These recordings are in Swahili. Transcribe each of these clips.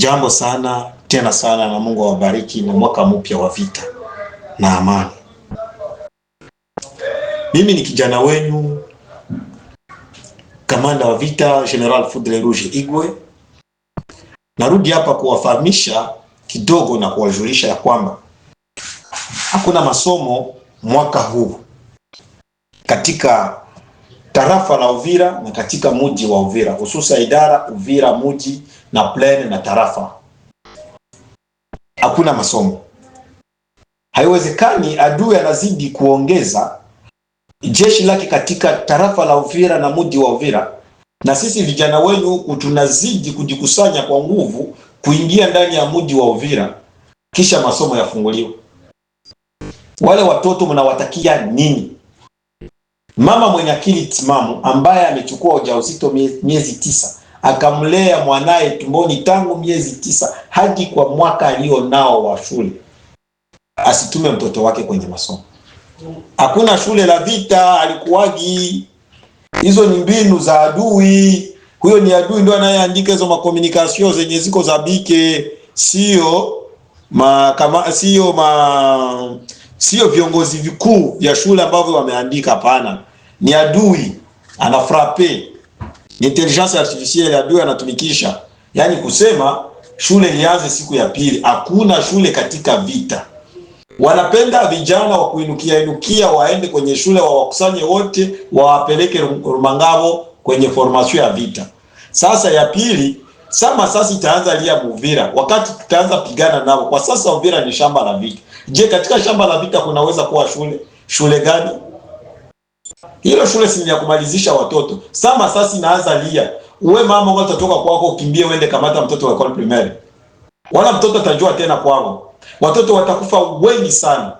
Jambo sana tena sana, na Mungu awabariki na mwaka mpya wa vita na amani. Mimi ni kijana wenu kamanda wa vita General Fudre Rouge Igwe. Narudi hapa kuwafahamisha kidogo na kuwajulisha ya kwamba hakuna masomo mwaka huu katika tarafa la Uvira na katika mji wa Uvira, hususan idara Uvira mji na plaine na tarafa, hakuna masomo. Haiwezekani, adui anazidi kuongeza jeshi lake katika tarafa la Uvira na mji wa Uvira, na sisi vijana wenu huku tunazidi kujikusanya kwa nguvu kuingia ndani ya mji wa Uvira, kisha masomo yafunguliwe. Wale watoto mnawatakia nini? Mama mwenye akili timamu ambaye amechukua ujauzito miezi tisa akamlea mwanaye tumboni tangu miezi tisa hadi kwa mwaka nao wa shule, asitume mtoto wake kwenye masomo. Hakuna shule la vita alikuwagi. Hizo ni mbinu za adui. Huyo ni adui ndo anayeandika hizo makomunikasio zenye ziko za bike, sio ma kama sio ma sio viongozi vikuu vya shule ambavyo wameandika. Hapana, ni adui anafrape, ni intelligence artificielle, adui anatumikisha. Yaani kusema shule ianze siku ya pili, hakuna shule katika vita. Wanapenda vijana wa kuinukia inukia waende kwenye shule, wawakusanye wote, wawapeleke Rumangabo kwenye formation ya vita. Sasa ya pili sama sasa itaanza lia Muvira, wakati tutaanza pigana nao. Kwa sasa Uvira ni shamba la vita. Je, katika shamba la vita kunaweza kuwa shule? Shule gani? Hilo shule si ya kumalizisha watoto. Sama sasa inaanza lia. Uwe mama wewe utatoka kwako ukimbie uende kamata mtoto wa ekole primary, Wala mtoto atajua tena kwako. Watoto watakufa wengi sana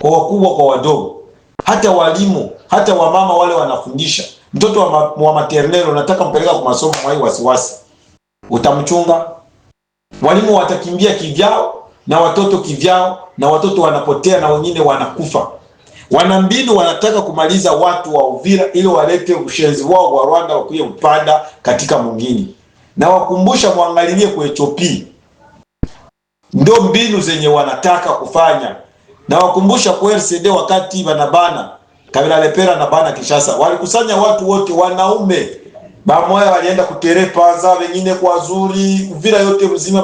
kwa wakubwa kwa wadogo. Hata walimu, hata wamama wale wanafundisha. Mtoto wa, ma, wa maternelle unataka mpeleka kwa masomo mwai wasiwasi. Utamchunga? Walimu watakimbia kivyao na watoto kivyao, na watoto wanapotea na wengine wanakufa. Wanambinu wanataka kumaliza watu wa Uvira ili walete ushenzi wao wa Rwanda wakuye upanda katika mwingine, na wakumbusha mwangalilie kwa Ethiopia, ndio mbinu zenye wanataka kufanya, na wakumbusha kwa RCD wakati banabana Kabila Lepera na bana kishasa walikusanya watu wote wanaume bamoya walienda kuterepaza, wengine kwa zuri Uvira yote mzima,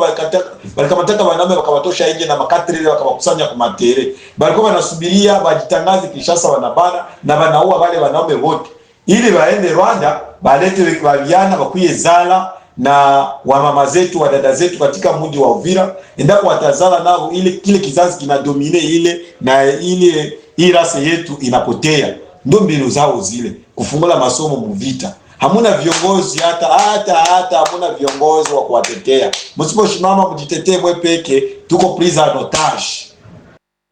walikamataka wanaume wakawatosha nje na makatri wakawakusanya kwa matere. Balikuwa wanasubiria wajitangaze kishasa wanabana na wanaua wale wanaume wote, ili waende Rwanda balete waviana wakuye zala na wamama zetu wadada zetu katika mji wa Uvira, endapo watazala nao, ile kile kizazi kinadomine ile na ile ile yetu inapotea. Ndio mbinu zao zile, kufungula masomo muvita hamuna viongozi hata hata hata, hamuna viongozi wa kuwatetea. Msiposhimama mjitetee mwe peke, tuko prise notage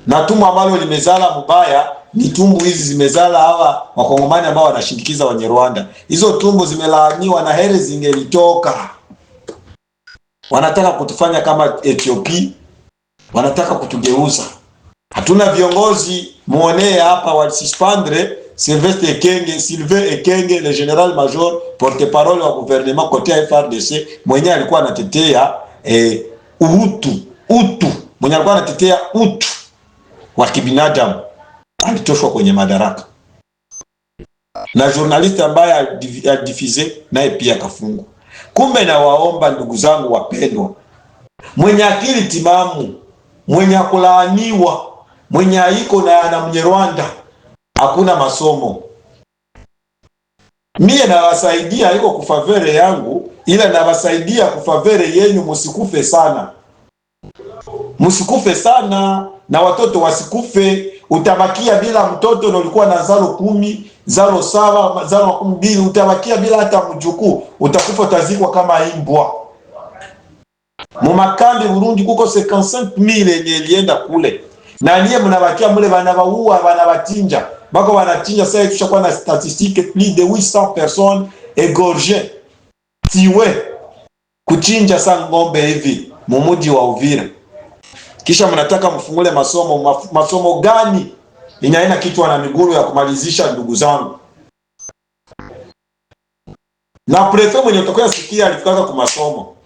Na tumu ambalo limezala mubaya ni tumbu hizi zimezala hawa wakongomani ambao wanashindikiza wenye Rwanda. Hizo tumbu zimelaaniwa na heri zingelitoka. Wanataka kutufanya kama Ethiopia, wanataka kutugeuza. Hatuna viongozi muonee hapa wasispandre Sylvestre Ekenge, Sylvain Ekenge, le general major porte-parole wa gouvernement côté FRDC, mwenye alikuwa anatetea eh, utu utu, mwenye alikuwa anatetea utu wa kibinadamu alitoshwa kwenye madaraka, na journalist ambaye alidifize naye pia akafungwa. Kumbe nawaomba ndugu zangu wapendwa, mwenye akili timamu, mwenye akulaaniwa, mwenye aiko na ana Mnyarwanda hakuna masomo. Mie nawasaidia iko kufavere yangu, ila nawasaidia kufavere yenyu, musikufe sana, musikufe sana na watoto wasikufe. Utabakia bila mtoto na ulikuwa na zaro kumi, zaro saba, zaro makumi mbili, utabakia bila hata mjukuu, utakufa, utazikwa kama imbwa. Mumakambi Burundi kuko 55000 yenye ilienda kule, na niye mnabakia mule, banabaua banabatinja bako banachinja tushakuwa na statistike plus de 800 personnes égorgées tiwe kuchinja saa ng'ombe hivi mumuji wa Uvira, kisha mnataka mfungule masomo maf, masomo gani yenye haina kichwa na miguu ya kumalizisha? Ndugu zangu, na prefe mwenye utakuwa sikia alifutaka kwa masomo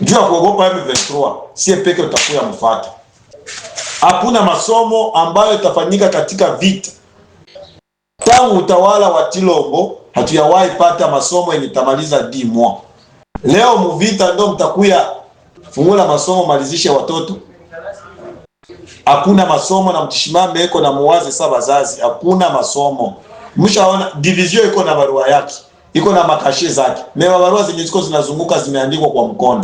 juu ya kuogopa M23, sie peke mfata. Hakuna masomo ambayo itafanyika katika vita tangu utawala wa Tilongo hatuyawahi pata masomo yenye tamaliza dimwa. Leo muvita ndo mtakuya fungula masomo malizishe watoto, hakuna masomo na mtishimame iko na muwaze sa bazazi, hakuna masomo. Mshaona divizio iko na barua yake, iko na makashe zake, mewa barua zenye ziko zinazunguka zimeandikwa kwa mkono.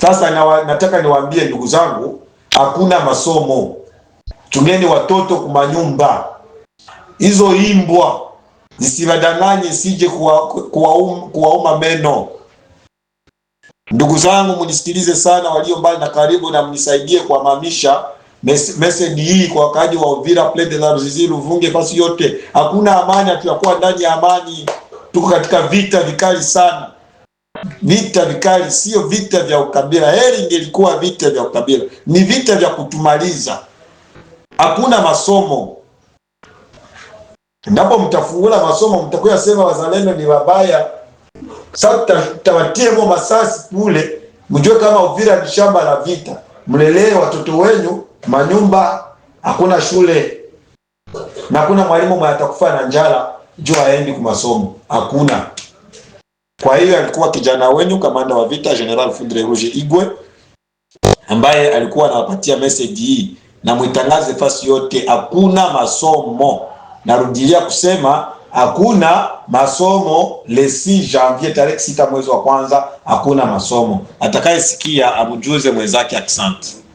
Sasa na, nataka niwaambie ndugu zangu, hakuna masomo. Tungeni watoto kumanyumba hizo imbwa zisiwadanganye, sije kuwauma kuwa um, kuwa meno. Ndugu zangu, mnisikilize sana, walio mbali na karibu, na mnisaidie kuhamamisha message hii kwa wakaaji wa Uvira Plaine la Ruzizi, Luvunge, fasi yote. Hakuna amani, hatuyakuwa ndani ya amani, tuko katika vita vikali sana, vita vikali, sio vita vya ukabila. Heri ingelikuwa vita vya ukabila, ni vita vya kutumaliza. Hakuna masomo Ndapo mtafunguka masomo mtakuya sema wazalendo ni wabaya. Sasa tawatie mo masasi kule, mjue kama Uvira ni shamba la vita, mlelee watoto wenyu manyumba, hakuna shule na hakuna mwalimu mwenye atakufa na njala juu haendi kwa masomo, hakuna. Kwa hiyo alikuwa kijana wenyu, kamanda wa vita General Fundre Rouge Igwe, ambaye alikuwa anawapatia message hii, na mwitangaze fasi yote, hakuna masomo narudilia kusema hakuna masomo 6 janvier tarehe 6 mwezi wa kwanza, hakuna masomo. Atakayesikia amjuze mwenzake. Asante.